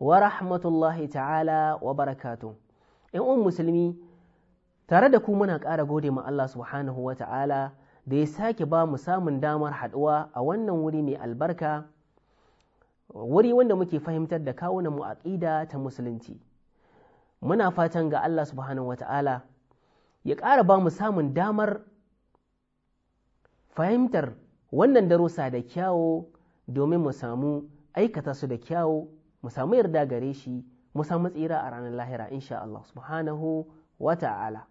wa rahmatullahi ta'ala wa barakatu In un musulmi tare da ku muna ƙara gode ma Allah subhanahu wa ta'ala da ya sake ba mu samun damar haɗuwa a wannan wuri mai albarka wuri wanda muke fahimtar da kawunan mu aƙida ta musulunci muna fatan ga Allah subhanahu wa ta'ala ya ƙara ba mu samun damar fahimtar wannan darussa da kyawo domin mu samu aikata su da kyawo mu samu yarda gare shi mu samu tsira a ranar lahira insha Allah subhanahu wa ta'ala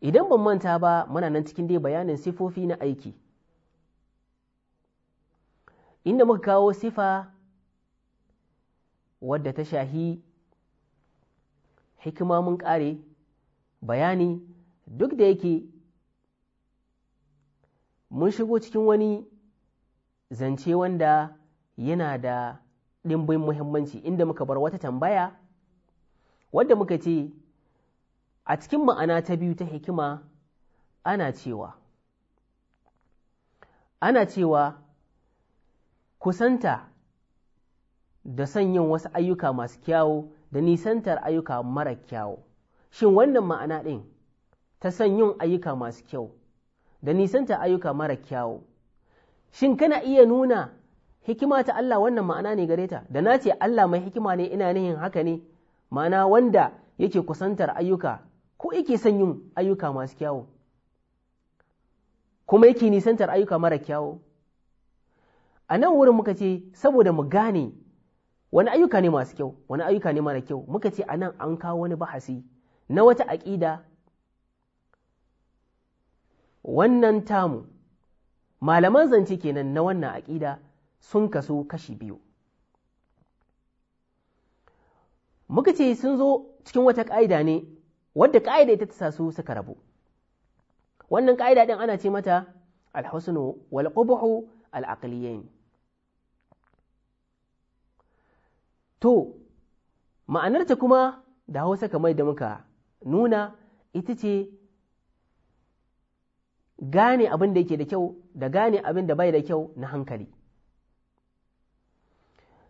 idan ban manta ba muna nan cikin dai bayanin sifofi na aiki inda muka kawo sifa wadda ta shahi hikima mun kare bayani duk da yake mun shigo cikin wani zance wanda yana da ɗimbin muhimmanci inda muka bar wata tambaya wadda muka ce a cikin ma'ana ta biyu ta hikima ana cewa ana cewa kusanta da son yin wasu ayyuka masu kyawu da nisantar ayyuka mara kyawu shin wannan ma'ana ɗin ta son yin ayyuka masu kyau da nisantar ayyuka mara kyawu shin kana iya nuna hikima ta Allah wannan ma'ana ne gare ta da na ce Allah mai hikima ne ina nihin haka ne ma'ana wanda yake kusantar ayyuka ko yake son yin ayyuka masu kyawu kuma yake nisantar ayyuka mara kyawu a nan wurin muka ce saboda mu gane wani ayyuka ne masu kyau wani ayyuka ne mara kyau muka ce a nan an kawo wani bahasi na wata aƙida wannan tamu malaman zance kenan na wannan aƙida sun kasu kashi biyu muka ce sun zo cikin wata ƙa'ida ne wadda ƙa'ida ita ta sa su suka rabu wannan ƙa'ida ɗin ana ce mata alhusnu wal qubhu al to ma'anarta kuma da hausa kamar da muka nuna ita ce gane abin da yake da kyau da gane abin da bai da kyau na hankali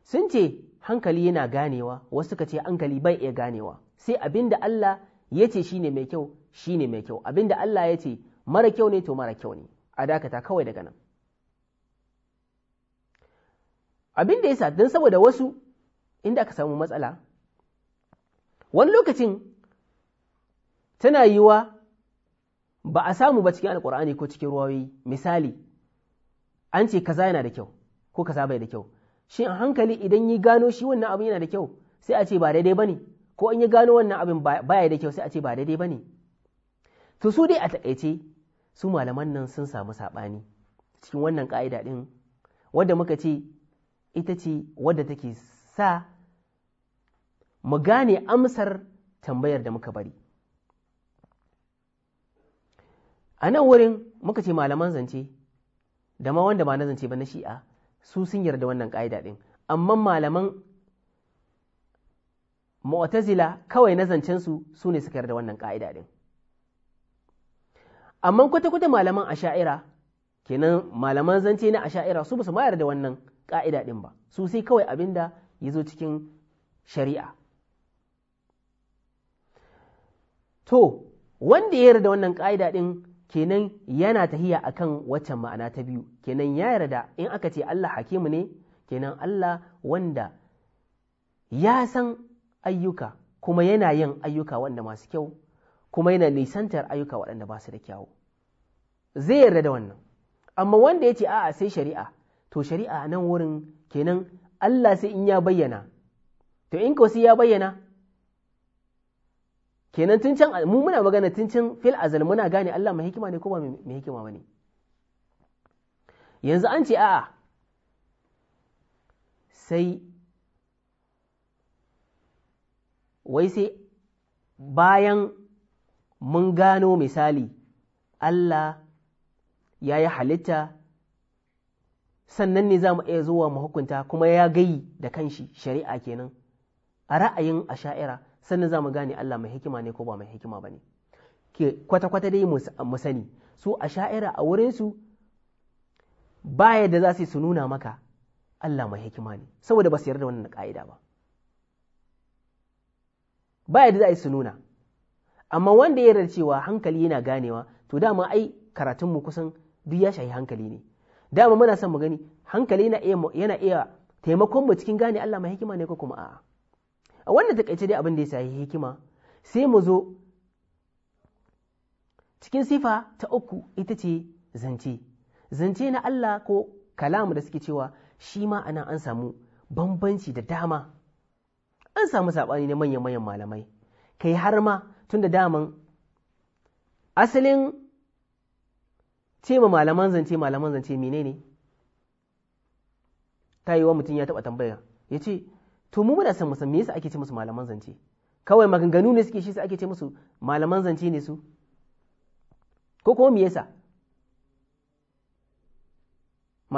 sun ce hankali yana ganewa wasu ka ce hankali bai iya ganewa sai abin da Allah ya ce shi ne mai kyau shi ne mai kyau abin da Allah ya ce mara kyau ne to mara kyau ne a dakata kawai daga nan abin da ya sa don saboda wasu inda ka samu matsala wani lokacin tana yiwa ba a samu ba cikin alkur'ani ko cikin ruwayoyi misali an ce kaza yana da kyau ko kaza bai da kyau shin a hankali idan yi gano shi wannan abin yana da kyau sai a ce ba daidai ba ne. ko in ya gano wannan abin baya da kyau sai a ce ba daidai ba ne. to su dai a takaice su malaman nan sun samu saɓani cikin wannan ƙa'ida ɗin wadda muka ce ita ce wadda take sa mu gane amsar tambayar da muka bari a nan wurin muka ce malaman zance da ma wanda ba na zance ba na shi'a su sun yarda wannan ƙa'ida ɗin amma malaman mu'tazila kawai na zancen su ne suka yarda wannan ƙa'ida ɗin amma kwata-kwata malaman asha'ira kenan malaman zance na asha'ira su ba su mayar da wannan ƙa'ida ɗin ba su sai kawai abin da ya zo cikin shari'a to wanda ya yarda wannan ƙa'ida ɗin kenan yana tahiya akan waccan ma'ana ta biyu kenan ya yarda in aka ce Allah hakimu ne kenan Allah wanda ya san ayyuka kuma yana yin ayyuka wanda masu kyau kuma yana nisantar ayyuka wanda ba su da kyawu zai yarda da wannan amma wanda ya ce a'a sai shari'a to shari'a nan wurin kenan Allah sai in ya bayyana to in ko sai ya bayyana kenan tun can mu muna magana tun can fil azal muna gane Allah mai hikima ne ko ba mai hikima bane yanzu an ce a'a sai wai sai bayan mun gano misali Allah ya yi halitta sannan ne za mu iya zuwa mu hukunta kuma ya gai da kanshi shari'a kenan a ra'ayin a sha'ira. sannan za mu gane Allah mai hikima ne ko ba mai hikima ba ne ke kwata-kwata dai mu sani su a sha'ira a wurinsu ba yadda za su nuna maka Allah mai hikima ne saboda ba su yarda wannan ka'ida ba ba yadda za su nuna amma wanda ya yarda cewa hankali yana ganewa to dama ai karatunmu kusan duk ya shahi hankali ne dama muna son mu gani hankali yana iya taimakon mu cikin gane Allah mai hikima ne ko kuma a'a a wannan takaice dai abin da ya sayi hikima sai mu zo cikin sifa ta uku ita ce zance zance na Allah ko kalamu da suke cewa shi ma ana an samu bambanci da dama an samu saɓani na manyan-manyan malamai kai har ma tun da daman asalin cewa malaman zance malaman zance menene ta yi wa mutum ya taɓa tambaya ya ce to mu muna san musan me yasa ake ce musu malaman zance kawai maganganu ne suke shi sai ake ce musu malaman zance ne su ko kuma me yasa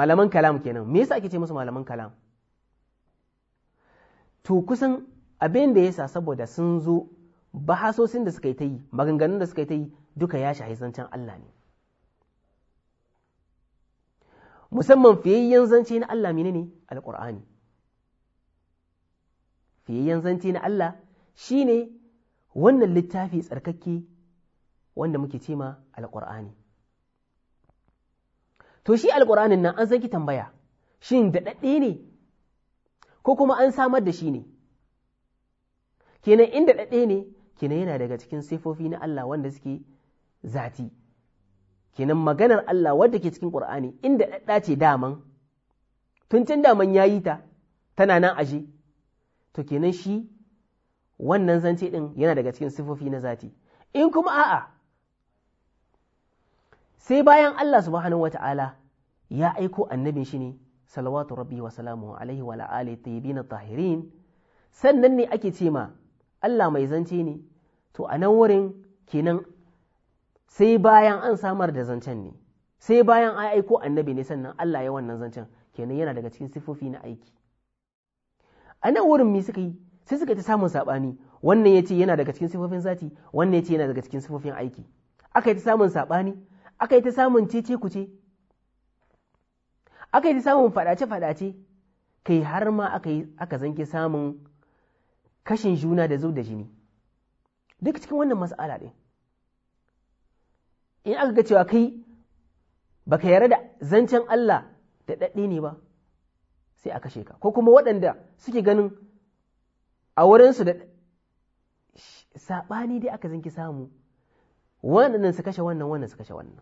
malaman kalam kenan me yasa ake ce musu malaman kalam to kusan abin da yasa saboda sun zo bahasosin da suka yi ta yi maganganun da suka yi ta yi duka ya shahi zancen Allah ne musamman fiyayyen zance na Allah menene ne alƙur'ani fiyayyen zanti na Allah shi ne wannan littafi tsarkake wanda muke cema alƙur'ani to shi alƙur'anin nan an zaki tambaya shin daɗaɗɗe ne ko kuma an samar da shi ne kenan inda daɗaɗɗe ne kenan yana daga cikin sifofi na Allah wanda suke zati kenan maganar Allah wadda ke cikin ƙur'ani inda ɗaɗɗa ce daman tun can daman ya yi ta tana nan aje to kenan shi wannan zance ɗin yana daga cikin sifofi na zati in kuma a'a sai bayan Allah subhanahu wata'ala ya aiko annabin shi ne salawatu rabbi wa salamu alaihi wa alihi tayyibin tahirin sannan ne ake ce Allah mai zance ne to a nan wurin kenan sai bayan an samar da zancen ne sai bayan an aiko annabi ne sannan Allah ya wannan zancen kenan yana daga cikin sifofi na aiki a nan wurin me suka yi sai suka ta samun saɓani wannan ya ce yana daga cikin sifofin zati wannan ya ce yana daga cikin sifofin aiki aka yi ta samun saɓani aka yi ta samun cece kuce aka yi ta samun faɗace-faɗace kai har ma aka zanke samun kashin juna da zo da jini duk cikin wannan mas'ala ɗin in aka ga cewa kai baka yarda da zancen Allah da ɗaɗɗe ne ba sai a kashe ka ko kuma waɗanda suke ganin a wurinsu da saɓani dai aka zinki samu waɗannan su kashe wannan wannan su kashe wannan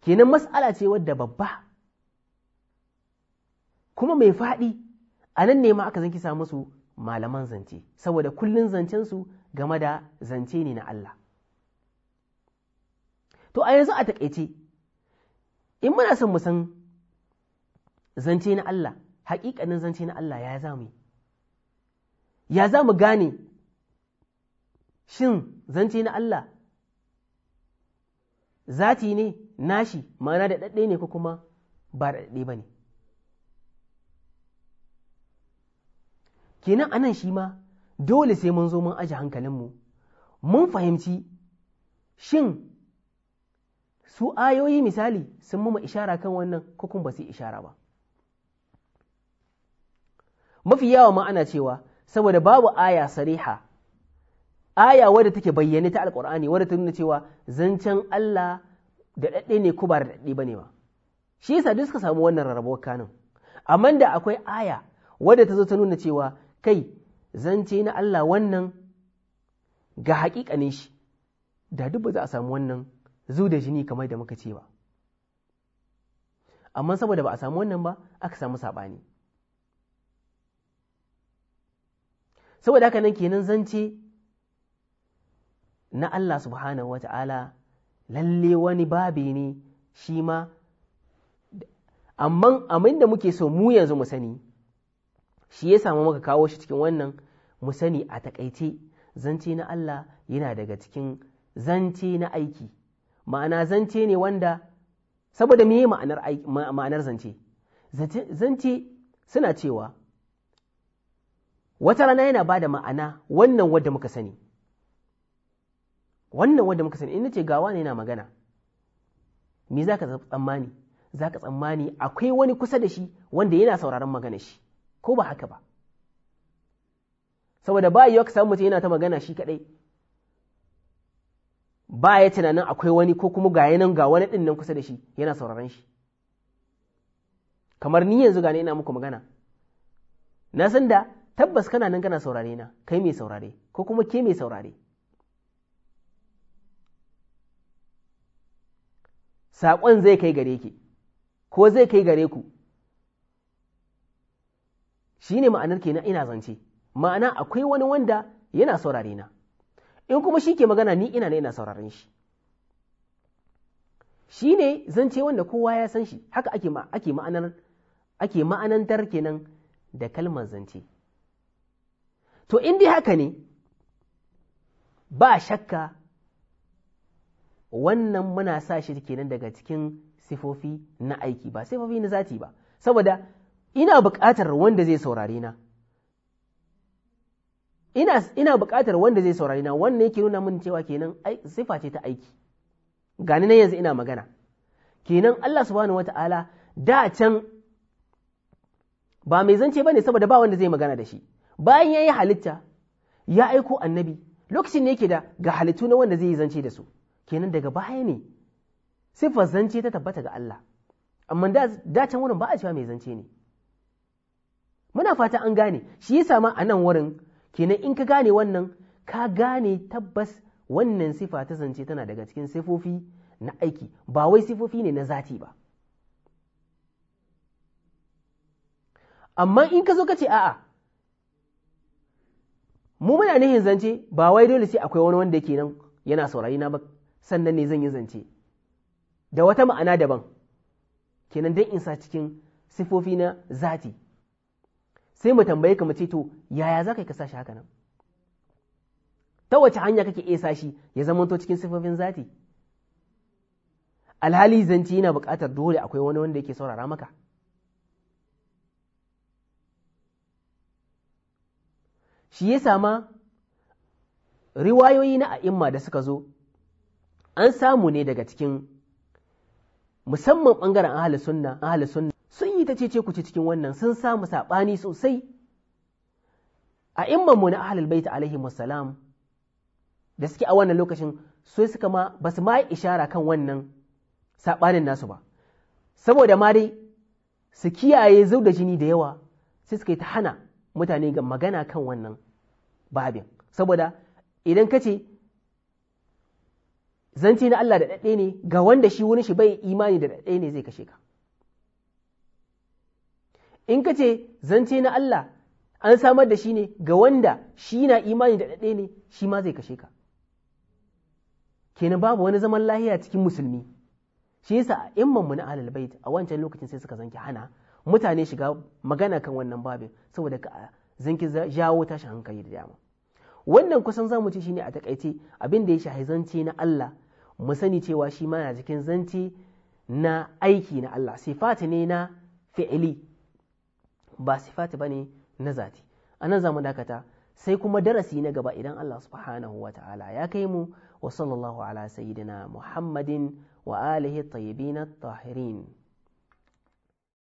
kenan mas'ala ce wadda babba kuma mai faɗi a nan ne ma aka zinki samu musu malaman zance saboda kullun su game da zance ne na Allah to a yanzu a taƙaice in muna son mu san zance na Allah hakikanin zance na Allah ya za mu ya za mu gane shin zance na Allah zati ne nashi ma'ana da daɗe ne ko kuma ba da daɗe ba ne kenan anan shi ma dole sai mun zo mun aji hankalinmu mun fahimci shin su ayoyi misali sun muma ishara kan wannan kukun kuma ba su ishara ba mafi yawa ma'ana cewa saboda babu aya sariha aya wadda take bayyane ta alkur'ani wadda ta nuna cewa zancen Allah da daɗe ne ku ba da daɗe ba ne ba shi yasa duk suka samu wannan rarrabuwar kanin amma da akwai aya wadda ta zo ta nuna cewa kai zance na Allah wannan ga haƙiƙanin shi da duk ba za a samu wannan zu da jini kamar da muka ce ba amma saboda ba a samu wannan ba aka samu saɓani saboda haka nan kenan zance na Allah subhanahu wa ta'ala lalle wani babi ne shi ma amma amin da muke so mu yanzu mu sani shi ya samu muka kawo shi cikin wannan mu sani a takaice zance na Allah yana daga cikin zance na aiki ma'ana zance ne wanda saboda me ma'anar ma'anar zance zance suna cewa wata rana yana ba da ma'ana wannan wadda muka sani wannan wadda muka sani in ce gawa ne yana magana me za ka tsammani za ka tsammani akwai wani kusa da shi wanda yana sauraron magana shi ko ba haka ba saboda ba yiwa ka samu mutum yana ta magana shi kaɗai. ba ya tunanin akwai wani ko kuma ga nan ga wani ɗin nan kusa da shi yana sauraron shi kamar ni yanzu gane ina muku magana na san da tabbas kana nan kana saurare na kai mai saurare ko kuma ke mai saurare saƙon zai kai gare ki ko zai kai gare ku shi ne ma'anar kenan ina zance ma'ana akwai wani wanda yana saurare na in kuma shi ke magana ni ina ne ina sauraron shi shi ne zance wanda kowa ya san shi haka ake ma'anar ake ma'anantar kenan da kalmar zance to in dai haka ne ba shakka wannan muna sa shi kenan daga cikin sifofi na aiki ba sifofi na zati ba saboda ina buƙatar wanda zai saurare na ina ina wanda zai saurari na wannan yake nuna min cewa kenan sifa ce ta aiki gani na yanzu ina magana kenan Allah subhanahu wata'ala da can ba mai zance bane saboda ba wanda zai magana da shi bayan yayi halitta ya aiko annabi lokacin ne yake da ga halittu na wanda zai yi zance da su kenan daga baya ne siffar zance ta tabbata ga Allah amma da can wurin ba a cewa mai zance ne muna fata an gane shi yasa ma a nan wurin kenan in ka gane wannan ka gane tabbas wannan sifa ta zance tana daga cikin sifofi na aiki ba wai sifofi ne na zati ba amma in ka zo ka ce a'a mu muna nihin zance ba wai dole sai akwai wani wanda ke nan yana saurari na ba sannan ne zan yi zance da wata ma'ana daban kenan don in sa cikin sifofi na zati sai mu tambaye ka mu ce to yaya za ka yi ka shi haka nan ta wace hanya kake isa shi ya zamanto cikin sifofin zati alhali zanci yana buƙatar dole akwai wani wanda yake saurara maka shi ya sama riwayoyi na a'imma da suka zo an samu ne daga cikin musamman ɓangaren ahalisunna ahalisunna ita ce ce ku ce cikin wannan sun samu saɓani sosai a mu na bai baita alaihi wassalam da suke a wannan lokacin su suka ma ba su ma yi ishara kan wannan saɓanin nasu ba saboda ma dai su kiyaye zau da jini da yawa sai suka yi ta hana mutane ga magana kan wannan babin saboda idan ka ce zanci na Allah da ɗaɗɗe ne ga wanda shi wurin shi bai imani da ɗaɗɗe ne zai kashe ka in ka ce zance na Allah an samar da shi ne ga wanda shi na imani da ɗaɗɗe ne shi ma zai kashe ka kenan babu wani zaman lahiya cikin musulmi shi yasa a immanmu na ahlul bait a wancan lokacin sai suka zanki hana mutane shiga magana kan wannan babin saboda ka zanki jawo tashin hankali da dama wannan kusan zamu ce shine a takaice abin da ya shahi zance na Allah mu sani cewa shi ma na cikin zance na aiki na Allah sifati ne na fi'ili ba sifati bane na zati A nan zamu dakata sai kuma darasi na gaba idan Allah subhanahu wa ta'ala ya kai mu wa sallallahu ala sayyidina Muhammadin wa alihi tayyibin at-tahirin